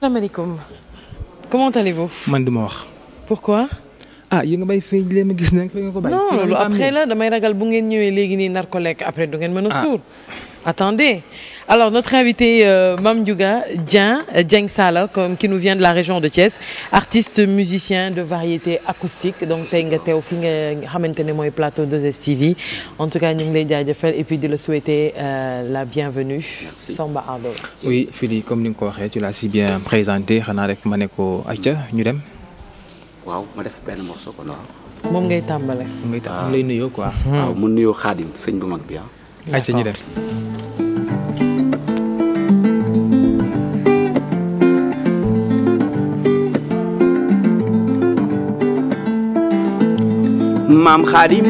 salaamaaleykum comment allez-vous. man du ma wax. pour quoi ah yi nga bay fii leen ma gis ne ko bàyyi. non loolu après la damay ragal bu ngeen ñëwee léegi nii nar ko lekk après du ngeen mën a ah. suur. Attendez. Alors, notre invité, euh, Mam Diouga Dien, euh, Dien Sala, comme, qui nous vient de la région de Thiès, artiste musicien de variété acoustique. Donc, c'est un fi nga xamantene mooy plateau de STV. En tout cas, nous voulons lay et puis de le souhaiter euh, la bienvenue. Merci. Samba Ardo. Oui, Fili, comme nous ko tu l'as si bien présenté, xana rek mané ko acca ñu dem. Waaw, ma def ben morceau ko moom ngay tàmbale. moom ngay lay ah. nuyoo quoi. Ah, mu nuyoo xaadim sëñ bu mag bi ah. acca ñu dem. maam xaadim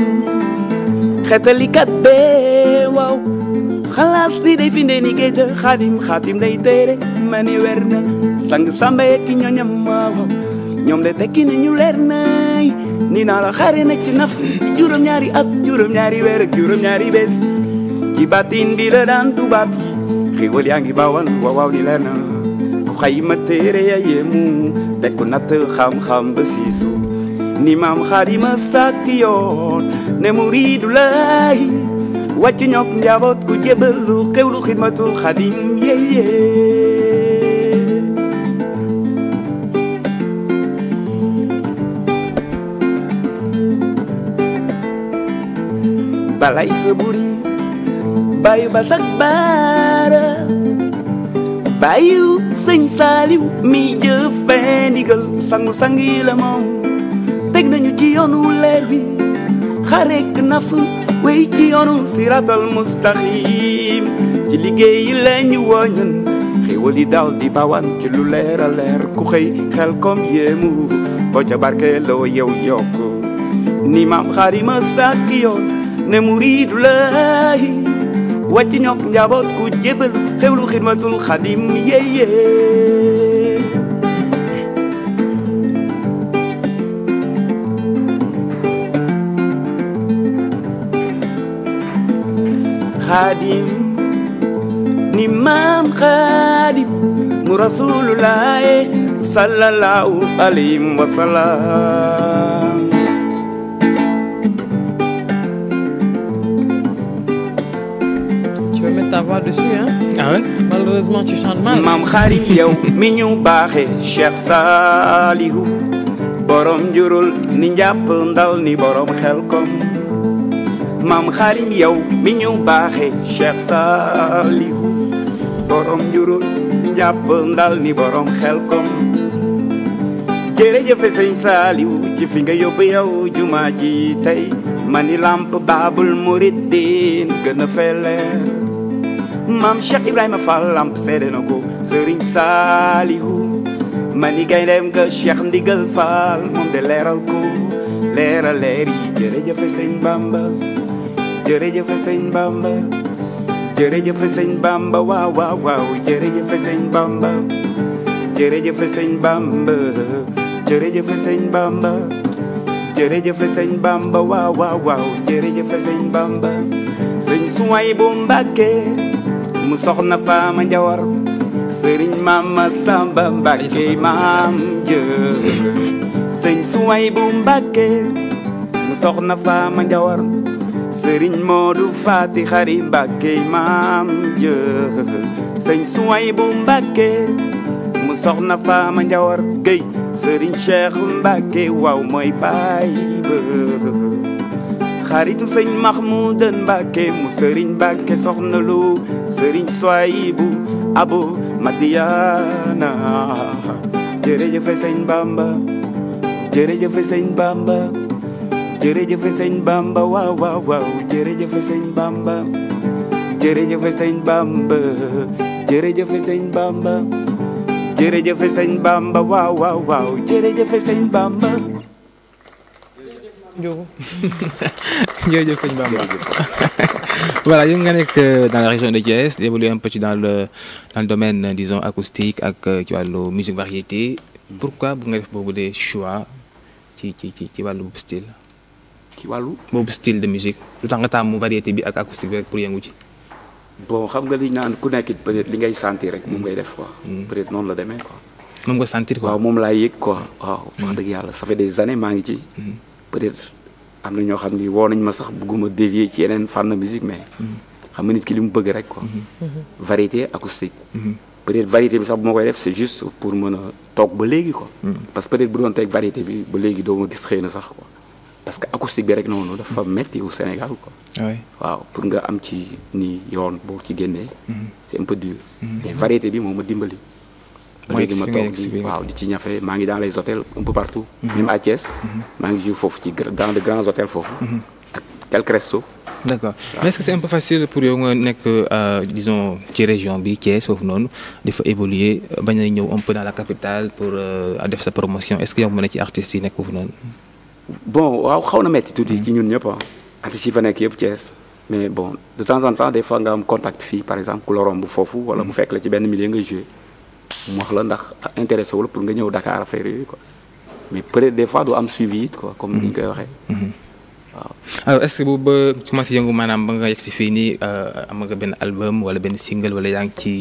xetalikat bee waaw xalaas ni day fi ndee ni géej xaadim xaatim day téere ma ni wer na sang samba yekk ñooñam waaw ñoom de tekki ñu leer ni naa la xare nag ci nafs juróom-ñaari at juróom-ñaari weer ak ñaari bés ci bàttin bi daan tubaab yi xiwal yaa ngi bawal waaw waaw ni leer ku xayma téere ya yéemu te ku natt xam-xam ba ni maam xaadima sàkk yoon ne muriidu laay wàcc ñok njaboot ku jébalu xewlu xidmatul xadim yeye balay sa buri bayu basak baara bayu sëñ saaliw mi jëfe ndigal sangu-sang yi moom yoonu leer wi xareek nafsu wéy ci yoonu siratal mustaqim ci liggéeyi la ñu woñun xéwal yi dal di bawan ci lu leer a leer ku xëy xel kom yéemu boo ca barke loo yow ni maam xarima sàkk yoon ne muriidu laahi wàcc ñook njaboot ku jébal xewlu xidmatul xadim yéyé xaadim ni maam xaadim mu rasulullah sallallahu alayhi wa sallam Tu ah Maam xaadim yow mi ñu baaxe Cheikh Salihu borom jurul ni njàpp ndal ni borom xel kom maam xaarim yow mi ñu baaxe Cheikh Saliou borom njurul njàpp ndal ni borom xel kom jërëjëfe sëñ Saliou ci fi nga yóbbu yow jumaa ji tey mani làmp baabul muriddiin gën a feleer maam Cheikh Ibrahima Fall làmp seede na ko sëriñ Saliou mani gayndeem nga Cheikh Ndigal Fall moom de leeral ko leeral leer yi jërëjëfe sëñ Bamba jërëjëf sëñ Bamba jërëjëf sëñ Bamba waaw waaw waaw jërëjëf sëñ Bamba jërëjëf sëñ Bamba jërëjëf sëñ Bamba jërëjëf sëñ Bamba waaw waaw waaw jërëjëf sëñ Bamba sëñ suway bu Mbàkke mu soxna Faama Njawar sëriñ Mama Samba Mbàkke maam jë sëñ suway bu Mbàkke mu soxna Faama Njawar sëriñ Modou Fati Xari Mbàkke maam jë sëñ suway bu Mbàkke mu soxna Faama Njawar Gey sëriñ Cheikh Mbàkke waaw mooy baay ba xaritu sëñ Mahmoudan Mbàkke mu sëriñ Mbàkke soxna lu sëriñ suway bu Abu Madiana jërëjëfe sëñ Bamba jërëjëfe sëñ Bamba jërëjëf sëñ Bamba waaw waaw waaw jërëjëf sëñ Bamba jërëjëf sëñ Bamba jërëjëf sëñ Bamba jërëjëf sëñ Bamba waaw waaw waaw jërëjëf sëñ Bamba Ndiobo jërëjëf sëñ Bamba voilà yéen nga nekk euh, dans la région de Thiès évolué un peu dans le dans le domaine disons acoustique ak euh, ci wàllu musique variété mm. pourquoi bu nga def boobu des choix ci ci ci ci wàllu style ci wàllu. boobu style de musique lu tax nga taamu variété bi ak acoustique bi rek pour yëngu ci. bon xam nga li naan ku nekk peut être li ngay sentir rek moom mm. ngay def quoi. Mm. peut être la demee quoi. moom nga moom laa yëg quoi waaw. Mm. wax dëgg yàlla sa fait des années maa ngi ci. peut être am na ñoo xam ni woo nañ ma sax bëgguma dévier ci yeneen fànn musique mais. xam nga nit ki li mu bëgg rek ko mm-hmm. mm-hmm. variété acoustique. Mm-hmm. peut-être variété bi sax bu ma koy def c'est juste pour mën a toog ba léegi ko parce que peut-être bu doon teg variété bi ba léegi doo ma gis xëy na sax quoi. parce que acoustique bi rek noonu dafa metti au Sénégal quoi. oui waaw pour nga am ci ni yoon boo ci génnee. Mhm. c' est peu dur. Mhm. mais variété bi moom ma dimbali. ba léegi ma toog di waaw di ci ñafe maa ngi dans les hôtels un peu partout. Mhm. même à Thiès. maa ngi joué foofu ci dans de grands hôtels foofu. ak quelques restos. d' mais est ce que c' est peu facile pour yow nga nekk euh, disons ci région bi Thiès foofu noonu dafa évoluer bañ a ñëw un peu dans la capitale pour euh, def sa promotion est ce que nekk foofu noonu. bon waaw xaw na metti tuuti ci ñun ñëpp ah. artistes fa nekk yëpp Thiès mais bon de temps en temps des fois nga am contact fii par exemple ku bu foofu. wala mu mm. fekk la ci benn milieu nga joué. mu wax la ndax intéressé wu la pour nga ñëw Dakar affaire yi ko mais peut-être fois du am suivi it quoi comme ni ñu koy waxee. Mm-hmm. Mm-hmm. waaw alors est ba yëngu maanaam ba nga yegg si fii nii euh, am nga benn album wala benn single wala yaa ngi ci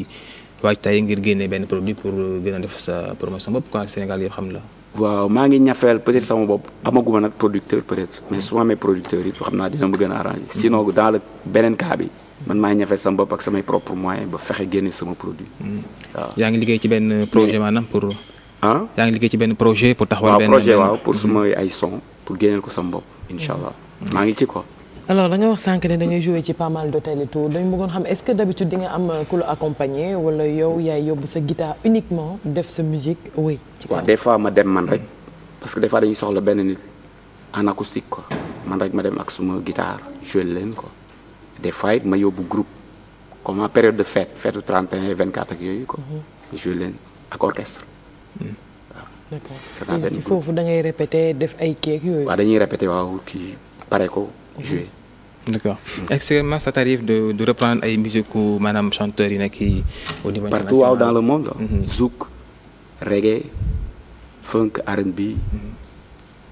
waajtaay ngir génne benn produit pour euh, gën a def sa promotion bopp Sénégal yoo xam la. waaw maa ngi ñafeel peut-être sama bopp amaguma nag producteur peut-être mais su ma amee producteur yi xam naa dina ma gën a arrangé sinon dans beneen cas bi man maay ñafeel sama bopp ak samay propre moyen ba fexe génne sama produit waaw yaa ngi liggéey ci benn projet maanaam pour ah yaa ngi liggéey ci benn projet pour taxawal benn projet waaw pour mhm. su ma ay son pour génneel ko sama bopp incha mhm. allah maa ngi ci ko alors da wax sànq ne da ngay joué ci pas mal d'hôtels et tout dañ bëggoon xam est-ce que d'habitude di am euh, ku la accompagner wala yow yaay yóbbu sa guitare uniquement def sa musique wéy. ci des fois ma dem man rek parce que des fois dañuy soxla benn nit en acoustique quoi man rek ma dem ak suma guitare joué leen ko des fois ma yóbbu groupe comme période de fête fête 31 24 ak yooyu ko mhm. joué leen ak orchestre. Hmm. d'accord foofu da ngay répété def ay keek yooyu. waaw dañuy répété waaw kii pare ko mhm. joué. d'accord actuellement ça de de reprendre ay musique ou maanaam chanteurs yi nekk yi au niveau waaw dans le monde. Mhm. zouk reggae funk R&B. Mhm.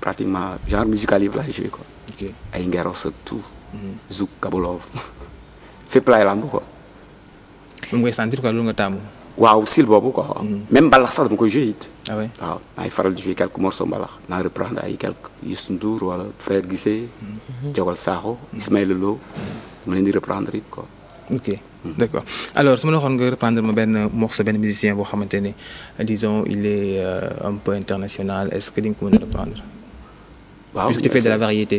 pratiquement genre musical yi laay joué quoi. ay ngeros ak tout. Mhm. zouk kabolov fépp laay làmb quoi. ngay sentir quoi loolu nga taamu. waaw style boobu quoi. Mm-hmm. même mbalax sax dama koy joué it. ah waaw maay faral di joué quelques morceaux mbalax. naa reprendre ay quelques Youssou Ndour wala Frère Guissé. Jogal mm-hmm. Sakho mm-hmm. Ismaël Lo. ma leen di reprendre it quoi. ok d' accord alors su ma la waxoon nga reprendre ma benn morceau benn musicien boo xamante ne disons il est euh, un peu international est ce que di nga ko mën a reprendre. waaw de la variété.